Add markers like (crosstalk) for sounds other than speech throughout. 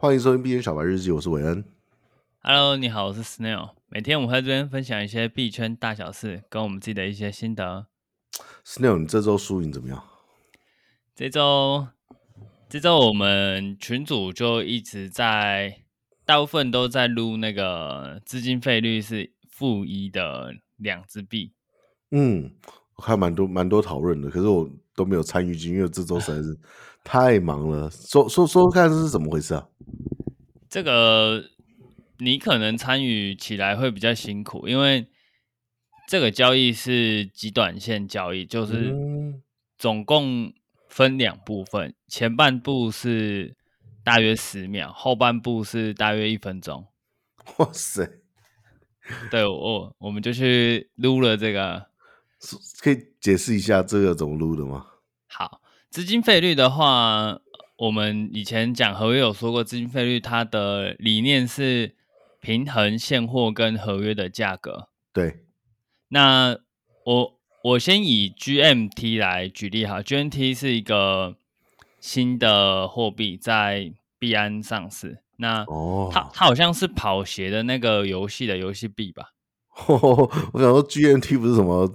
歡迎收聽幣圈小白日記，我是韋恩。Hello，你好，我是 Snail。每天我會在這邊分享一些幣圈大小事跟我們自己的一些心得。Snail，你這周輸贏怎麼樣？這周，這周我們群組就一直在，大部分都在擼那個資金費率是負一的兩支幣。嗯，我看蠻多蠻多討論的，可是我都沒有參與進去。因為這周實在是 (laughs) 太忙了。說說說看，這是怎麼回事啊？這個你可能參與起來會比較辛苦，因為這個交易是極短線交易，就是總共分兩部分，前半部是大約十秒，後半部是大約一分鐘。哇塞！對，我、哦、我們就去擼了這個，可以解釋一下這個怎麼擼的嗎？好，資金費率的話。我們以前講合約有說過，資金費率它的理念是平衡現貨跟合約的價格。對。那我我先以 G M T 來舉例哈，G M T 是一個新的貨幣，在幣安上市。那哦，它它好像是跑鞋的那個遊戲的遊戲幣吧？呵呵我想說 G M T 不是什麼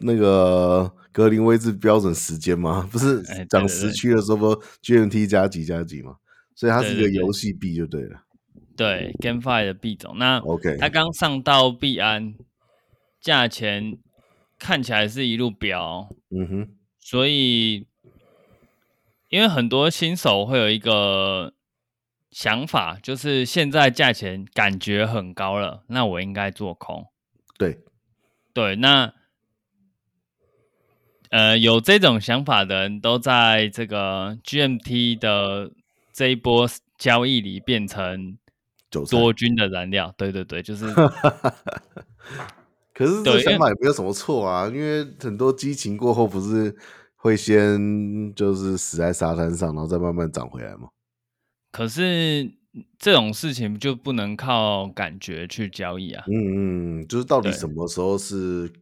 那個。格林威治標準時間嗎？不是，講時區的時候，GMT 加幾加幾嘛。所以它是一個遊戲幣就對了。對，GameFi 的幣種。那 OK，它剛上到幣安，價錢看起來是一路飆。嗯哼。所以，因為很多新手會有一個想法，就是現在價錢感覺很高了，那我應該做空。對。對，那。呃，有這種想法的人都在這個 GMT 的這一波交易裡變成多軍的燃料，對對對，就是。 (laughs) 可是這想法也沒有什麼錯啊，因為很多激情過後不是會先就是死在沙灘上，然後再慢慢漲回來嗎？可是這種事情就不能靠感覺去交易啊。嗯嗯，就是到底什麼時候是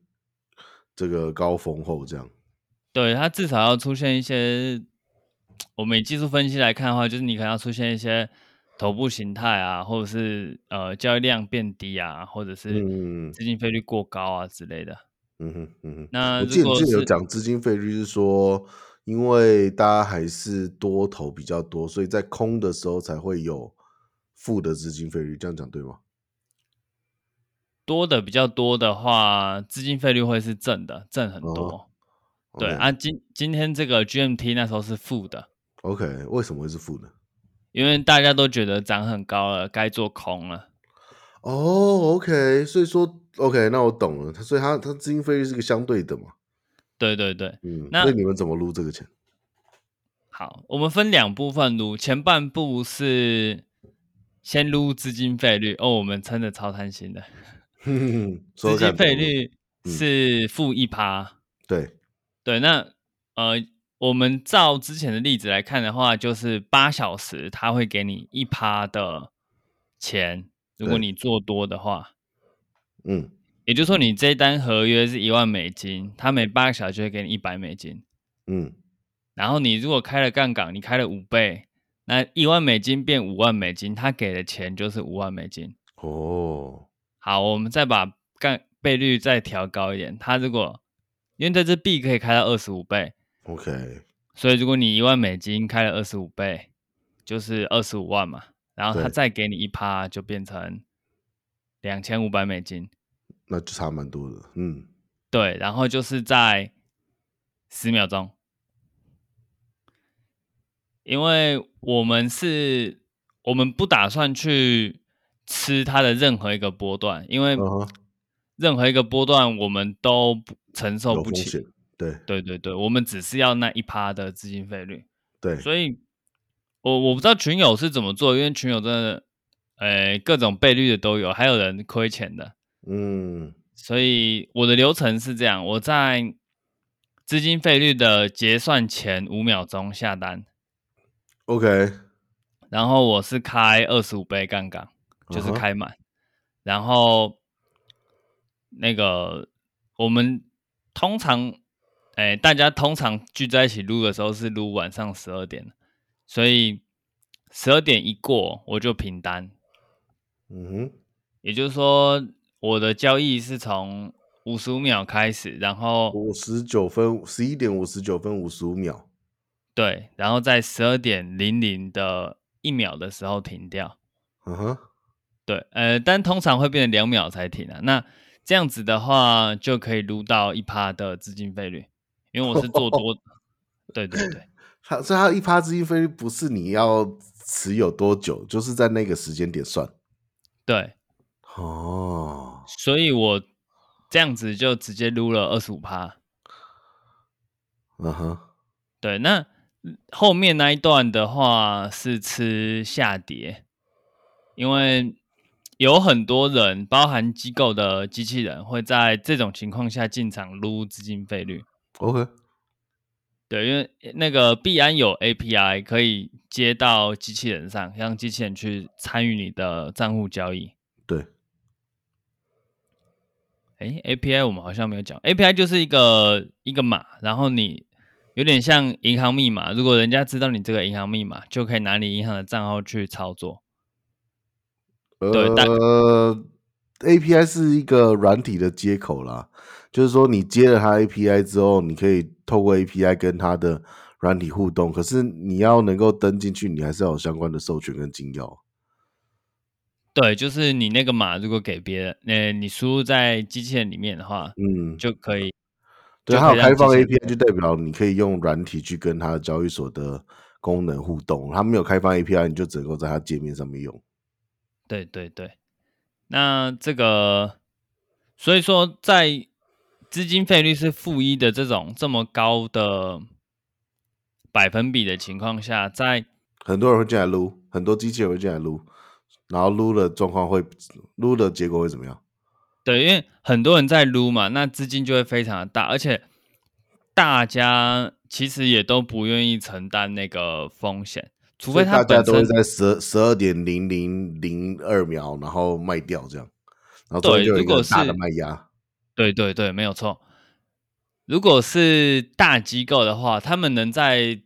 這個高峰後這樣？對它至少要出現一些，我們以技術分析來看的話，就是你可能要出現一些頭部形態啊，或者是呃交易量變低啊，或者是資金費率過高啊之類的。嗯哼嗯哼。嗯嗯那如果之前有講資金費率是說，因為大家還是多頭比較多，所以在空的時候才會有負的資金費率。這樣講對嗎？多的比較多的話，資金費率會是正的，正很多。哦對 Okay. 啊，今今天這個 GMT 那時候是負的，OK，為什麼會是負的？因為大家都覺得漲很高了，該做空了。哦、oh，OK，所以說 OK，那我懂了。他所以他，他他資金費率是個相對的嘛。對對對，嗯，那你們怎麼擼這個錢？好，我們分兩部分擼，前半部是先擼資金費率。哦，我們真的超貪心的， (laughs) 得看 資金費率是負一趴。對。對，那呃，我們照之前的例子來看的話，就是八小時他會給你一趴的錢，如果你做多的話，嗯，也就是說你這一單合約是一萬美金，他每八個小時就會給你一百美金，嗯，然後你如果開了槓桿，你開了五倍，那一萬美金變五萬美金，他給的錢就是五萬美金。哦，好，我們再把槓倍率再調高一點，它如果。因為這只幣可以開到二十五倍，OK，所以如果你一萬美金開了二十五倍，就是二十五萬嘛，然後他再給你一趴，就變成兩千五百美金，那就差蠻多的，嗯，對，然後就是在十秒鐘，因為我們是，我們不打算去吃它的任何一個波段，因為、uh-huh. 任何一個波段，我們都承受不起。對，對對對，我們只是要那一趴的資金費率。對，所以我我不知道群友是怎麼做，因為群友真的，呃、欸，各種倍率的都有，還有人虧錢的。嗯，所以我的流程是這樣：我在資金費率的結算前五秒鐘下單。OK，然後我是開二十五倍槓桿，就是開滿，uh huh、然後。那個我們通常，哎、欸，大家通常聚在一起錄的時候是錄晚上十二點，所以十二點一過我就平單，嗯哼，也就是說我的交易是從五十五秒開始，然後五十九分、十一點五十九分五十五秒，對，然後在十二點零零的一秒的時候停掉，嗯哼，對，呃，但通常會變成兩秒才停啊，那。這樣子的話就可以擼到一趴的資金費率，因為我是做多，oh. 對對對，他所以它一趴資金費率不是你要持有多久，就是在那個時間點算，對，哦，oh. 所以我這樣子就直接擼了二十五趴，嗯哼，uh huh. 對，那後面那一段的話是吃下跌，因為。有很多人，包含機構的機器人，會在這種情況下進場擼資金費率。OK，對，因為那個必安有 API 可以接到機器人上，讓機器人去參與你的賬戶交易。對，哎，API 我們好像沒有講，API 就是一個一個碼，然後你有點像銀行密碼，如果人家知道你這個銀行密碼，就可以拿你銀行的賬號去操作。呃對，API 是一個軟體的接口啦，就是說你接了它 API 之後，你可以透過 API 跟它的軟體互動。可是你要能夠登進去，你還是要有相關的授權跟金鑰。對，就是你那個碼如果給別人，那、呃、你輸入在機器人裡面的話，嗯，就可以。對，它有開放 API 就代表你可以用軟體去跟它的交易所的功能互動。它沒有開放 API，你就只能夠在它界面上面用。對對對，那這個，所以說在資金費率是負一的這種這麼高的百分比的情況下，在很多人會進來擼，很多機器人會進來擼，然後擼的狀況會，擼的結果會怎麼樣？對，因為很多人在擼嘛，那資金就會非常的大，而且大家其實也都不願意承擔那個風險。除非他本身都會在十十二點零零零二秒，然後賣掉這樣，然後對，就有一個大的賣壓。對對對，沒有錯。如果是大機構的話，他們能在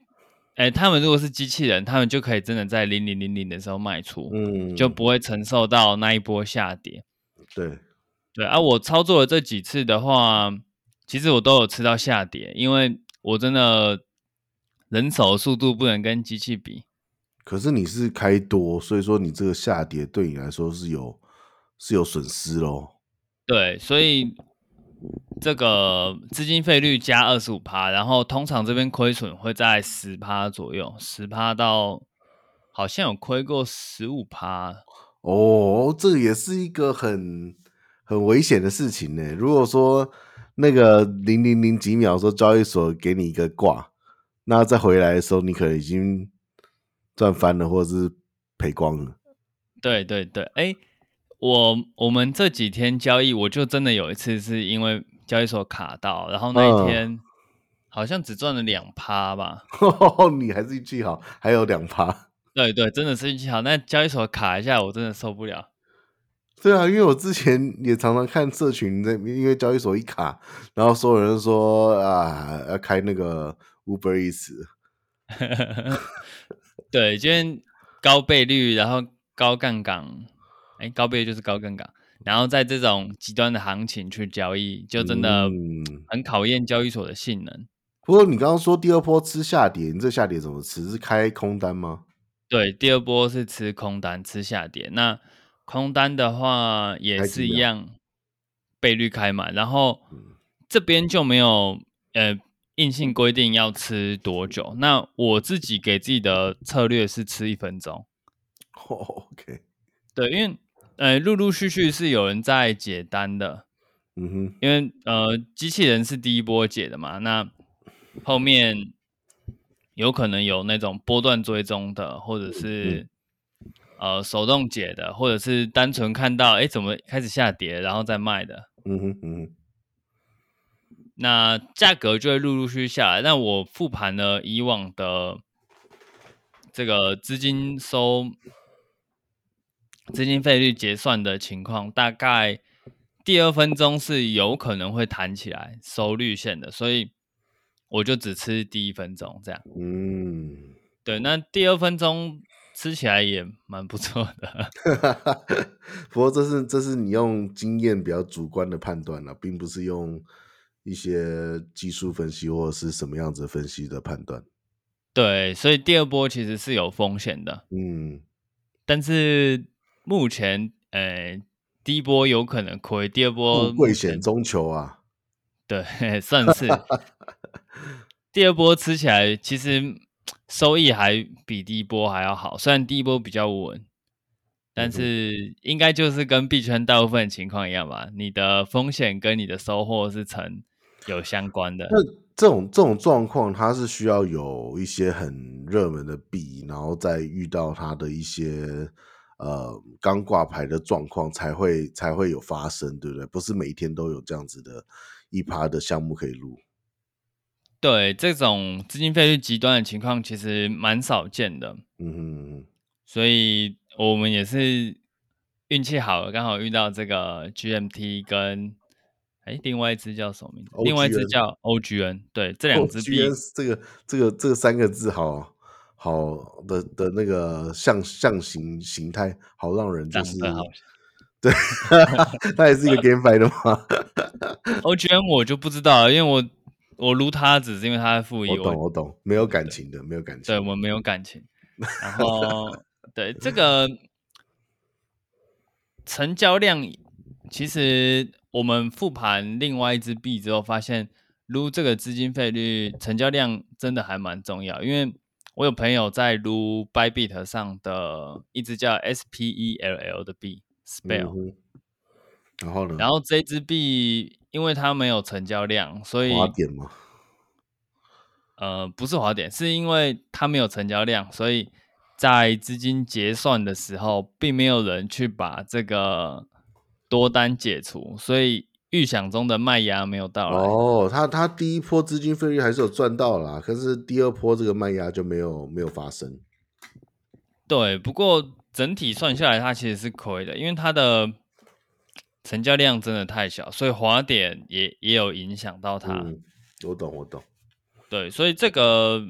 哎、欸，他們如果是機器人，他們就可以真的在零零零零的時候賣出，嗯，就不會承受到那一波下跌。對對啊，我操作了這幾次的話，其實我都有吃到下跌，因為我真的人手的速度不能跟機器比。可是你是開多，所以說你這個下跌對你來說是有是有損失咯。對，所以這個資金費率加二十五趴，然後通常這邊虧損會在十趴左右，十趴到好像有虧過十五趴。哦，這也是一個很很危險的事情呢。如果說那個零零零幾秒的時候交易所給你一個掛，那再回來的時候你可能已經。賺翻了，或者是賠光了。對對對，哎，我我們這幾天交易，我就真的有一次是因為交易所卡到，然後那一天好像只賺了兩趴吧，嗯呵呵。你還是運氣好，還有兩趴。對對，真的是運氣好。那交易所卡一下，我真的受不了。對啊，因為我之前也常常看社群，因為交易所一卡，然後所有人說啊，要開那個 Uber Eats。 (laughs) 對，今天高倍率，然後高槓桿，哎，高倍率就是高槓桿，然後在這種極端的行情去交易，就真的很考驗交易所的性能。嗯，不過你剛剛說第二波吃下跌，你這下跌怎麼吃？是開空單嗎？對，第二波是吃空單，吃下跌。那空單的話也是一樣，倍率開嘛。然後這邊就沒有呃。硬性規定要吃多久？那我自己給自己的策略是吃一分鐘。哦、oh，OK，對，因為、呃、陸陸續續是有人在解單的。嗯哼、mm-hmm. 因為呃，機器人是第一波解的嘛，那後面有可能有那種波段追蹤的，或者是、mm-hmm. 呃手動解的，或者是單純看到誒怎麼開始下跌，然後再賣的。嗯哼嗯哼。Hmm. 那價格就會陸陸續下來。那我復盤了以往的這個資金收資金費率結算的情況，大概第二分鐘是有可能會彈起來收綠線的，所以我就只吃第一分鐘這樣。嗯，對，那第二分鐘吃起來也蠻不錯的。 (laughs) 不過，這是這是你用經驗比較主觀的判斷了啊，並不是用。一些技術分析或者是什麼樣子分析的判斷，對，所以第二波其實是有風險的，嗯，但是目前，呃，第一波有可能虧，第二波富貴險中求啊，對，算是， (laughs) 第二波吃起來其實收益還比第一波還要好，雖然第一波比較穩，但是應該就是跟幣圈大部分情況一樣吧，你的風險跟你的收穫是成。有相關的，那這種這種狀況，它是需要有一些很熱門的幣，然後再遇到它的一些呃剛掛牌的狀況，才會才會有發生，對不對？不是每一天都有這樣子的一趴的項目可以擼。對，這種資金費率極端的情況其實蠻少見的。嗯哼，所以我們也是運氣好了，剛好遇到這個 GMT 跟另外一隻叫什麼名字？N 另外一隻叫 OGN，對，這兩隻幣，這個這個這三個字好，好好，的的那個象象形形態，好讓人就是，對，它也 (laughs) (laughs) 是一個 GameFi 的嘛。 (laughs) OGN 我就不知道了，因為我我擼它只是因為它富有，我懂我懂，沒有感情的，沒有感情，對我們沒有感情。然後對這個成交量，其實。我們復盤另外一只幣之後，發現擼這個資金費率、成交量真的還蠻重要。因為我有朋友在擼 Bybit 上的一只叫 SPELL 的幣，Spell。然後呢，然後這只幣，因為它沒有成交量，所以……滑點嗎？呃，不是滑點，是因為它沒有成交量，所以在資金結算的時候，並沒有人去把這個。多單解除，所以預想中的賣壓沒有到來。哦，他他第一波資金費率還是有賺到啦，可是第二波這個賣壓就沒有沒有發生。對，不過整體算下來，它其實是虧的，因為它的成交量真的太小，所以滑點也也有影響到它，嗯。我懂，我懂。對，所以這個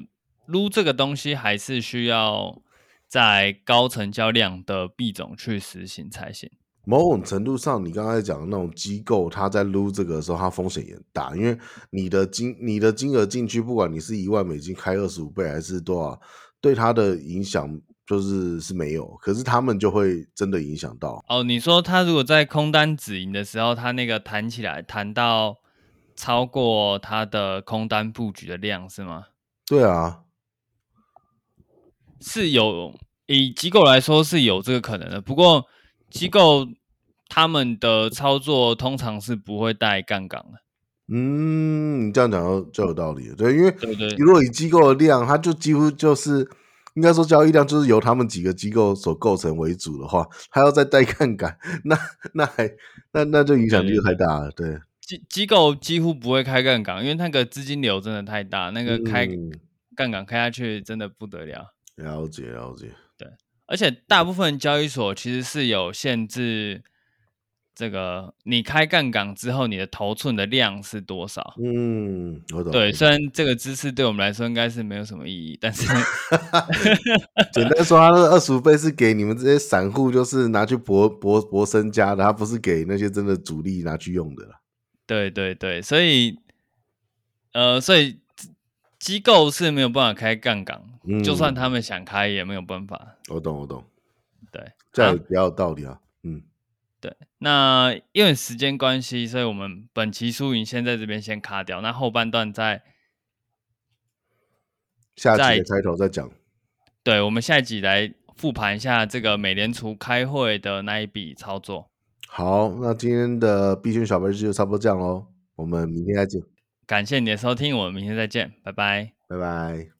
擼這個東西還是需要在高成交量的幣種去實行才行。某種程度上，你剛才講的那種機構，他在擼這個的時候，它風險也大，因為你的金你的金額進去，不管你是一萬美金開二十五倍還是多少，對它的影響就是是沒有。可是他們就會真的影響到。哦，你說他如果在空單止盈的時候，他那個彈起來彈到超過他的空單布局的量是嗎？對啊，是有，以機構來說是有這個可能的，不過機構。他們的操作通常是不會帶槓桿的。嗯，你這樣講就有道理。對，因為對對,對，如果以機構的量，它就幾乎就是應該說交易量就是由他們幾個機構所構成為主的話，還要再帶槓桿，那那還那那就影響力太大了。對,對,對,對，機機構幾乎不會開槓桿，因為那個資金流真的太大，嗯、那個開槓桿開下去真的不得了。了解、嗯、了解。了解對，而且大部分交易所其實是有限制。這個你開槓桿之後，你的頭寸的量是多少？嗯，我懂。對，懂雖然這個知識對我們來說應該是沒有什麼意義， (laughs) 但是 (laughs) 簡單說，他的二十五倍是給你們這些散戶，就是拿去博博博身家的，他不是給那些真的主力拿去用的啦。對對對，所以呃，所以機構是沒有辦法開槓桿，嗯、就算他們想開也沒有辦法。我懂，我懂。對，這樣比較有道理啊。啊嗯。對，那因為時間關係，所以我們本期輸贏先在這邊先卡掉，那後半段再下集開頭再講。對，我們下一集來複盤一下這個美聯儲開會的那一筆操作。好，那今天的幣圈小白日就差不多這樣嘍，我們明天再見。感謝你的收聽，我們明天再見，拜拜，拜拜。